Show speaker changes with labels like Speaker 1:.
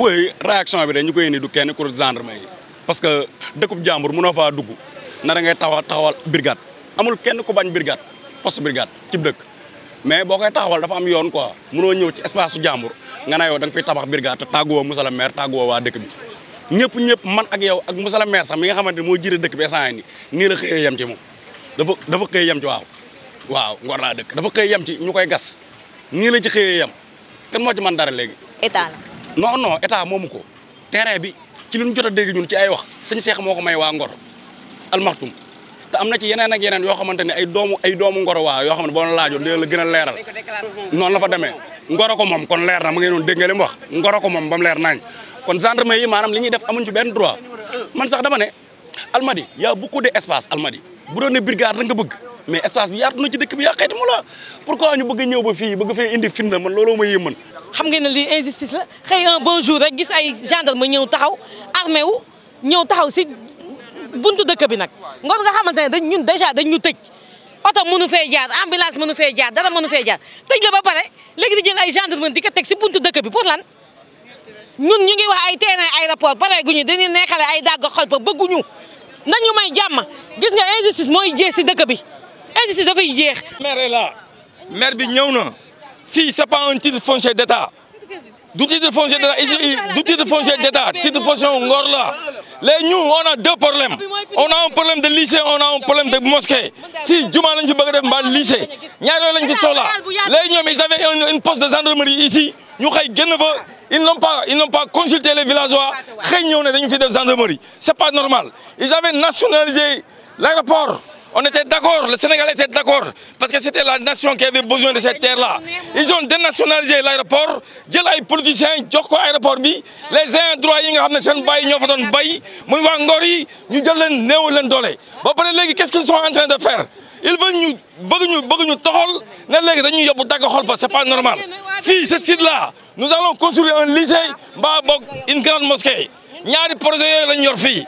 Speaker 1: oui réaction bi de ñu koy indi du kenn ku gendarme yi parce que dëkkub jàmbur mënoo faa dugg na da ngay taxawal taxawal brigade amul kenn ku bañ birgat poste brigade cib dëkk mais boo koy taxawal dafa am yoon quoi mënoo ñëw ci espace su jàmbur nga ne yow da nga fiy tabax brigade te tàgguwoo monsieur le maire tàgguwoo waa dëkk bi ñëpp ñëpp man ak yow ak monsieur le maire sax mi nga xamante ni moo jiite dëkk bi essange ni nii la xëyee yem ci moom dafa dafa xëyee yem ci waaw waaw Ngor laa dëkk dafa xëy yem ci ñu koy gas nii la ci xëyee yem kan moo ci man dara léegi. état la. non non état moomu ko terrain bi ci li ñu jot a dégg ñun ci ay wax sëñ Cheikh moo ko may waa Ngor almaxtum te am na ci yeneen ak yeneen yoo xamante ne ay doomu ay doomu Ngor waa yoo xam ne boo la laajoon la gën a leeral. noon la fa demee Ngor ko moom kon leer na ma ngeen doon nga li wax ngoro ko moom ba mu leer nañ kon gendarmerie yi maanaam li ñuy def amuñ ci benn droit man sax dama ne Almadi y a beaucoup d'espace Almadi bu doon ne brigade la nga bëgg mais espace bi yaatu na ci dëkk bi yaa xayti mu la pourquoi ñu bëgg a ñëw ba fii bëgg fee indi fitna man looloo ma yéem man
Speaker 2: xam nga ne lii injustice la xëy un bon jour rek gis ay gendarme ñëw taxaw armé wu ñëw taxaw si buntu dëkk bi nag ngoon nga xamante ne dañ ñun dèjà dañ ñu tëj oto mënu fee jaar ambulance mënu fee jaar dara mënu fee jaar tëj la ba pare léegi di jël ay gendarme di ko teg si buntu dëkk bi pour lan ñun ñu ngi wax ay terrain aéroport pare guñu dañuy neexale ay dàgg xol pa bëgguñu nañu may jàmm gis nga injustice mooy jee si dëkk bi injustice dafay yéex.
Speaker 3: maire est là maire bi ñëw na fii c'est pas un titre foncier d'état du titre foncier d'état du titre foncier d'état titre foncier ngor la léegi ñu on a deux problèmes on a un problème de lycée on a un problème de mosquée fii juma lañ fi bëgg a def mbaa lycée ñaar yooyu lañ fi soxla léegi ñoom ils avaient une poste de gendarmerie ici ñu xëy génn fa ils n'ont pas ils n'ont pas consulté les villageois xëy ñëw ne dañu fi def gendarmerie c'est pas normal ils avaient nationalisé l'aéroport On était d'accord, le Sénégal était d'accord, parce que c'était la nation qui avait besoin de cette terre-là. Ils ont dénationalisé l'aéroport, jël ay politiciens jox aéroport bi les endroits yi nga xam ne seen bàyyi ñoo fa doon bay muy waa ngor yi ñu jël leen néew leen doole. ba pare léegi qu'est-ce qu'ils sont en train de faire ils veulent ñu bëgg ñu bëgg ñu toxal ne léegi dañuy yóbbu dagg xol ba c'est pas normal fii ce site-là nous allons construire un lycée mbaa boog une grande mosquée ñaari fii.